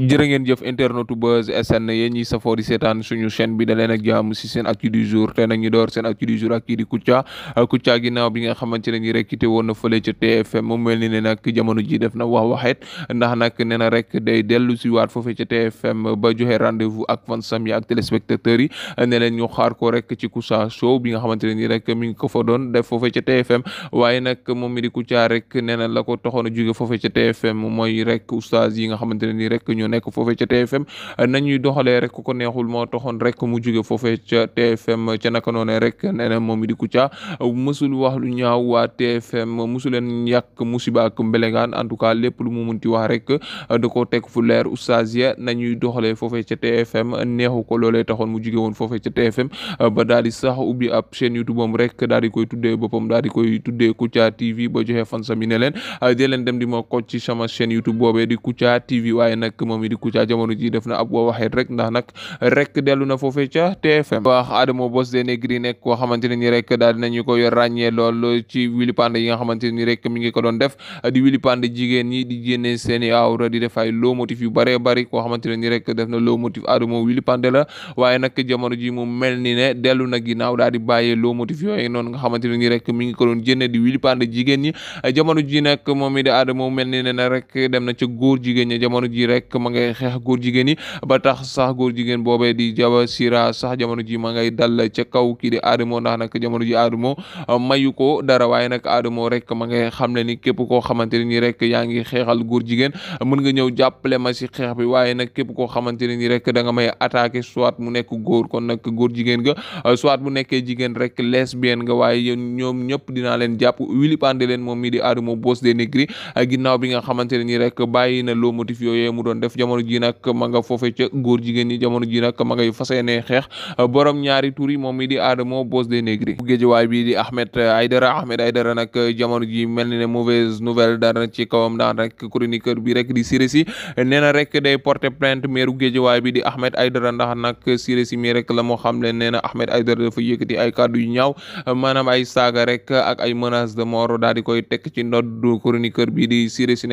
jërë ngeen jëf internetu Buzz SN yéen ñi safoo di seetaan suñu bi da leen ak jàmm jour te nag ñu door seen actu du jour ak kii di Kouthia Kouthia ginnaaw bi nga xamante ne ñu rek woon na fële ca TFM mu mel ni ne na wax na rek day dellu si waat foofee ca TFM ba joxe rendez-vous ak fansam yi ak téléspectateurs yi ne leen ñu xaar ko rek ci Kouthia show bi nga xamante ne nii rek mi ngi ko fa doon def foofee ca TFM waaye nag mo mi di rek nee na la ko toxoon a jóge foofee ca TFM mooy rek oustaz yi nga xa ne nii rek nekk foofee ca TFM nañuy doxalee rek ku ko neexul moo taxoon rek mu jóge foofee ca TFM ca rek nee na moom di Kouthia mësul wax lu ñaaw waa TFM mësuleen yàq musiba ak mbelengaan en tout cas lépp lu mu munti wax rek da koo teg fu leer oustaz ya nañuy doxalee foofee ca TFM neexu ko loolee taxoon mu jóge woon foofee ca TFM ba daal di sax ubbi ab chaîne YouTube am rek daal di koy tuddee boppam daal di koy tuddee Kouthia TV ba joxe fan sami ne leen dee leen dem di mo ko ci sama chaîne YouTube boobee di Kouthia TV moom i di Kouthia jamono ji def na ab woo waxeet rek ndax nag rek dellu na foofee ca TFM wax Adamo Boss de Negri nekk koo xamante ne ni rek daal dinañu ko yor ràññee lool ci Willy Pandé yi nga xamante ne ni ko doon def di Willy jigéen ñi di génne seeni awra di def ji mu mel ni ne dellu na ginnaaw dem na ca góor jigéen ñi jamono ji rek ma ngay xeex góor jigéen yi ba tax sax góor jigéen boobee di jaba sira sax jamono ji ma ngay dal ca kaw kii di Adamo ndax nag jamono ji Adamo uh, mayu ko dara waaye nag Adamo rek ma ngay xam ne ni képp koo xamante ne nii rek yaa ngi xeexal nga ñëw jàppale ma si bi waaye nag képp koo xamante ne nii rek da nga may attaqué soit mu nekk góor kon nag góor jigéen nga uh, soit mu nekkee jigéen rek lesbienne nga waaye ñoom ñëpp dinaa leen jàpp wilipande leen moom mii di Adamo boss des négri uh, a bi nga xamante nii rek bàyyi na loo motif yooyee mu doon def jamono ji nag ma nga foofe ca góor jigéen ñi jamono ji nag ma ngay fas yéene xeex borom ñaari tur yi moom mi di Adamo Boss des Negri bu géejëwaay bi di Ahmed Aidara Ahmed Aidara ji mel ni nouvelle dara ci kawam rek chroniqueur bi rek di Siré Sy nee na rek day porter plainte meeru géejëwaay bi di Ahmed Aidara ndax nag Siré Sy mi rek la moo xam leen nee na Ahmed Aidara dafa yëkkati ay kàddu yu ñaaw maanaam ay saaga rek ak ay menace de mort daal di koy tekk ci ndodd chroniqueur bi di Siré Sy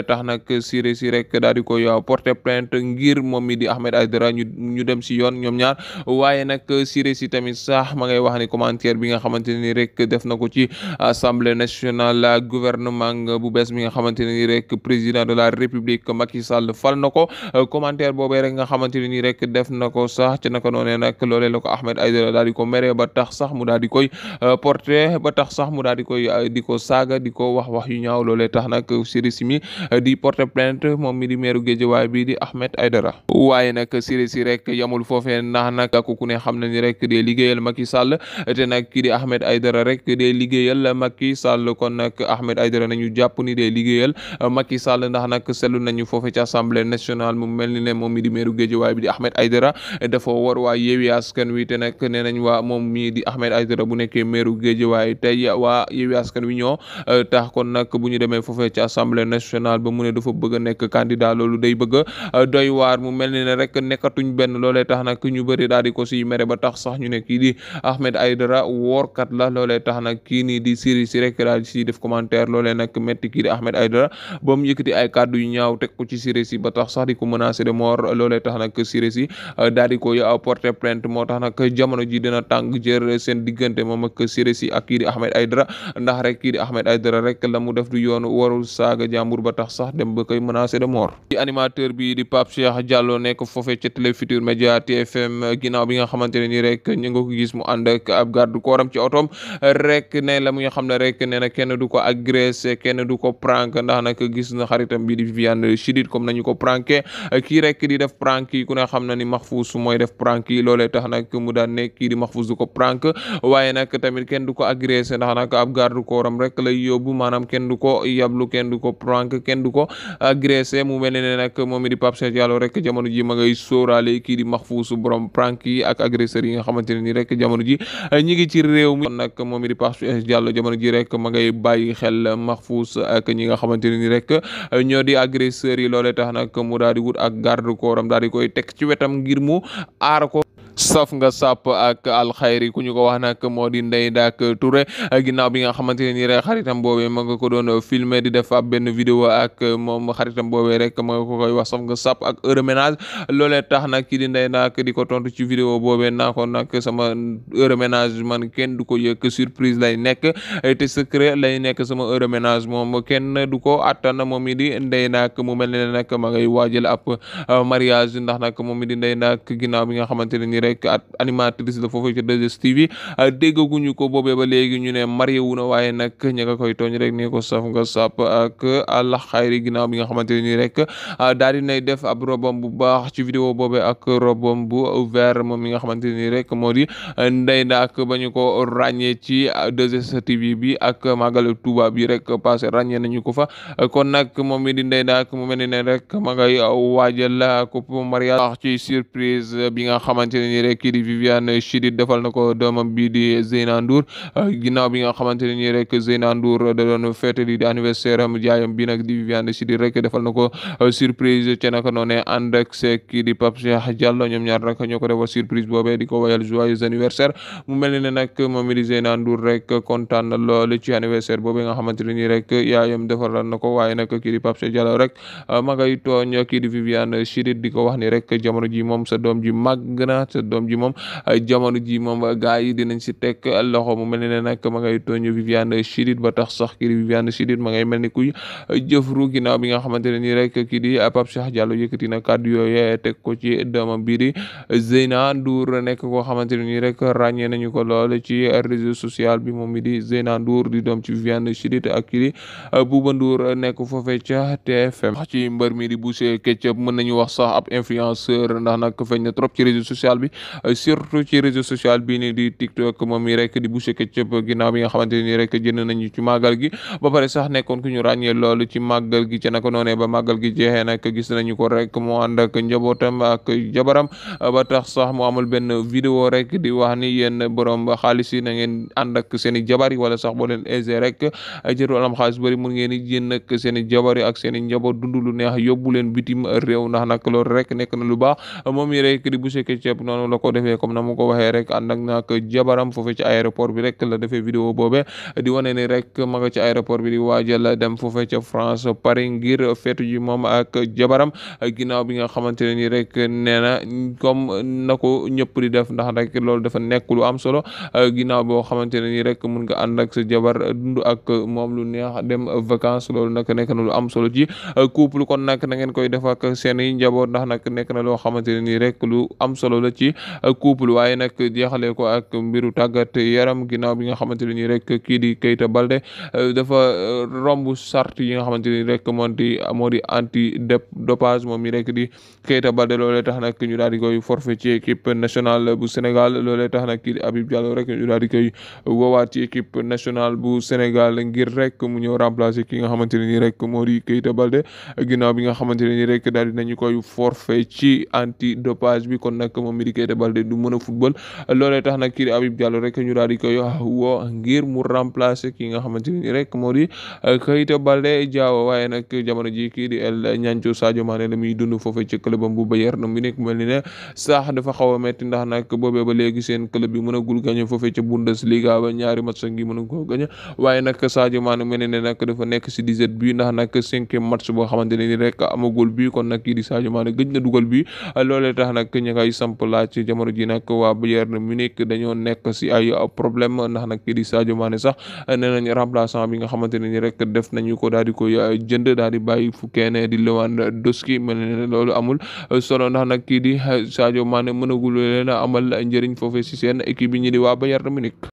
tax nag Siré si rek daal di koy euh, porter plainte ngir moom mi di Ahmed Aïdara ñu ñu dem si yoon ñoom ñaar waaye nag Siré si tamit sax ma ngay wax ni commentaire bi nga xamante ni rek def na ko ci assemblée nationale la gouvernement bu bees bi nga ni rek de na ko commentaire na ko sax ci naka noonee nag loolee ko Ahmed Aïdara daal mere ba tax sax mu daal di koy euh, porter ba tax sax mu daal di euh, saaga di wax wax ñaaw loolee tax nag Siré mi di porter plainte moom mi di meeru Géejawaay bii di Ahmed Aidara waaye nag Siré si rek yamul foofee ndax nag ku ne xam na ni rek dee liggéeyal Macky Sall te nag kii di Ahmed Aidara rek dee liggéeyal Macky Sall kon nag Ahmed Aidara nañu jàpp ni dee liggéeyal Macky Sall ndax nag seetlu nañu foofe ca assemblée nationale mu mel ni ne moom mi di meeru Géejawaay bi di Ahmed Aidara dafa war waa Yewwi Askan Wi te nag nee nañ waa moom mii di Ahmed Aidara bu nekkee meeru Géejawaay tey waa Yewwi Askan Wi ñoo tax kon nag bu ñu demee foofee ci assemblée nationale ba mu ne bëgg a nekk candidat loolu day bëgg a euh, doy waar mu mel ni ne rek nekkatuñ benn loolee tax na ñu bëri daal di ko siy mere ba tax sax ñu ne kii di Ahmed Aydara woorkat la loolee tax nag kii nii di siri si rek daal di siy def commentaire loolee nag métti kii di Ahmed Aydara ba mu yëkkati ay kàddu yu ñaaw teg ko ci siri si ba tax sax di ko menacé de mort loolee tax nag siri si euh, daal di koy euh, porter plainte moo tax nag jamono ji dina tàng jër seen diggante moom ak siri si ak kii di Ahmed Aydara ndax rek kii di Ahmed Aydara rek la mu def du yoon warul saaga jàmbur ba tax sax dem ba koy menacé de mort animateur bi di Pape Cheikh Diallo nekk foofee ca Télé TFM ginnaaw bi nga xamante ne nii rek ñu nga ko gis mu ànd ak ab garde kooram ci otoom rek mu xam ne rek nee na kenn du ko agressé kenn du ko prank ndax nag gis na xaritam bi di Viviane Chidid comme nañu ko pranké kii rek di def prank yi ku ne xam na ni Mahfouz mooy def prank yi loolee tax nag mu daan ne kii di Mahfouz du ko prank waaye nag tamit kenn du ko agressé ndax nag ab garde kooram rek lay yóbbu maanaam kenn du ko yablu kenn du ko prank kenn du ko agressé mu mel ne nag moom it di Pape Cheikh rek jamono ji ma ngay sóoraale kii di Mahfouz borom prank yi ak agresseur yi nga xamante ne nii rek jamono ji eh, ñi ngi ci réew mi kon nag moom idi di Pape Cheikh Diallo jamono ji rek ma ngay bàyyi xel max Mahfouz ak ñi nga xamante ne nii rek eh, ñoo di agresseurs yi loole tax nag mu daal di wut ak garde corps am daal di koy teg ci wetam ngir mu aar ko saf nga sàpp ak alxayri ku ñu ko wax nag moo di Ndeye Ndack Touré ginnaaw bi nga xamante ne nii rek xaritam boobee ma nga ko doon filmer di def ab benn vidéo ak moom xaritam boobee rek ma ko koy wax saf nga sàpp ak heure ménage loolee tax nag kii di Ndeye Ndack di ko tontu ci vidéo boobee naa ko nag sama heure ménage man kenn du ko yëg surprise lay nekk te secret lay nekk sama heure ménage moom kenn du ko attan moom mi di Ndeye Ndack mu mel ne mariage ndax nag moom mi di Ndeye nekk at animatrice la foofu ci 2STV ah, déggaguñu ko boobee ba léegi ñu ne marié wu na waaye nag ña nga koy tooñ rek ni ko saf nga sàpp ak àll xayri ginnaaw bi nga xamante ne nii rek ah, daal di nay def ab mi nga xamante ne nii rek moo di ah, ndey ndaak ba ñu ko ràññee ci 2STV bi ak màggal Tuuba bi rek passé ràññee na ko fa kon nag moom mi di ndey ndaak mu mel ne rek ma ngay waajal coupe mariage ci surprise bi nga xamante nii rek kii di Viviane Chidid defal na ko doomam bii di Zeyna Ndour euh, ginnaaw bi nga xamante ne nii rek Zeyna Ndour da doon fête di anniversaire am rek defal na ko euh, surprise ci ñoom ñaar ni ne nag moom it di Zeyna Ndour rek kontaan na ko waaye nag kii di Pape rek euh, ma ngay tooñ kii di Viviane Chidid rek jamono ji moom sa doom ji màgg sa doom ji moom jamono ji moom gars yi nañ si teg loxo mu mel ne nag ma ngay tooñ Viviane Chidid ba tax sax kii di Viviane Chidid ma ngay mel ni kuy jëfru ginnaaw bi nga xamante ne nii rek kii di Pape Cheikh Diallo yëkkati na kàddu yooyu teg ko ci doomam bii di Zeyna Ndour nekk koo xamante ne nii rek ràññee nañu ko lool ci réseau social bi moom mi di Zeyna Ndour di doom ci Viviane Chidid ak kii di Bouba Ndour nekk foofee ca TFM wax ci mbër mi di Boucher Ketchup mën nañu wax sax ab influenceur ndax nag feeñ na trop ci bi bi surtout ci réseau social bii nii di TikTok moom mi rek di boucher këccëb ginnaaw bi nga xamante ni rek jënd nañu ci màggal gi ba pare sax nekkoon ku ñu ràññee loolu ci màggal gi ca naka noonee ba màggal gi jeexe nag gis nañu ko rek mu ànd ak njabootam ak jabaram ba tax sax mu amul benn vidéo rek di wax ni yenn yéen ba xaalis yi na ngeen ànd ak seen i jabar yi wala sax boo leen aisé rek jërul am xaalis bëri mun ngeen di jënd ak seen i jabar yi ak seen i njaboot dund lu neex yóbbu leen bitim réew ndax nag loolu rek nekk na lu baax noonu la ko defee comme na mu ko waxee rek ànd ak jabaram foofu ci aéroport bi rek la defee vidéo boobe di wane rek ma nga ci aéroport bi di dem foofu ca France Paris ngir feetu moom ak jabaram ginnaaw bi nga xamante ne ni rek nee na comme na ko ñëpp di def ndax rek loolu dafa nekk lu am solo ginnaaw boo xamante ne ni rek mun nga ànd ak sa jabar dund ak moom lu neex dem vacances loolu nag nekk na lu am solo ci couple kon nag na koy def ak seen i ci couple waaye nag jeexalee ko ak mbiru taggat yaram ginnaaw bi nga xamante ne nii rek kii di Keita Balde euh, dafa euh, romb sart yi nga xamante ni rek moom di moo di anti dopage moom mi rek di Keita Balde loolee tax nag ñu daal di koy forfait ci équipe nationale bu Sénégal loolee tax nag kii di Habib ci équipe nationale bu Sénégal ngir rek mu ñëw remplacer ki nga xamante ne nii rek moo di Keita Balde ginnaaw bi nga xamante ne nii rek daal di nañu koy forfait ci anti dopage bi kon nag moom mi Keita Baldé du mën a football loolee tax nag kii di Habib Diallo rek ñu daal di koy woo mu remplacer ki nga xamante rek euh, ji kii di El Ñanco Sadio Mané la muy dund foofee ci clubam bu Bayern mu nekk mel ni ne sax dafa xaw a metti ba léegi seen club bi mën a gul gagné foofee ca Bundesliga ba ñaari match ngi mën a koo gagné waaye nag Sadio Mané mel ni ne nag dafa bi ndax nag cinquième boo xamante ne kon nag kii di Sadio gëj na dugal bi loolee tax nag ña ngay samp laaj ci jamono ji nag waa Bayern Munich dañoo nekk si ay problème ndax nag kii di Sadio Mané sax nee nañ remplaçant bi nga xamante ne ni rek def nañu ko daal di koy euh, jënd daal di bàyyi fukkeen di lawaan Lewandowski mel ne loolu amul solo ndax na kii di euh, Sadio Mané mënagul na amal njëriñ foofee si seen équipe bi ñi di yar Bayern Munich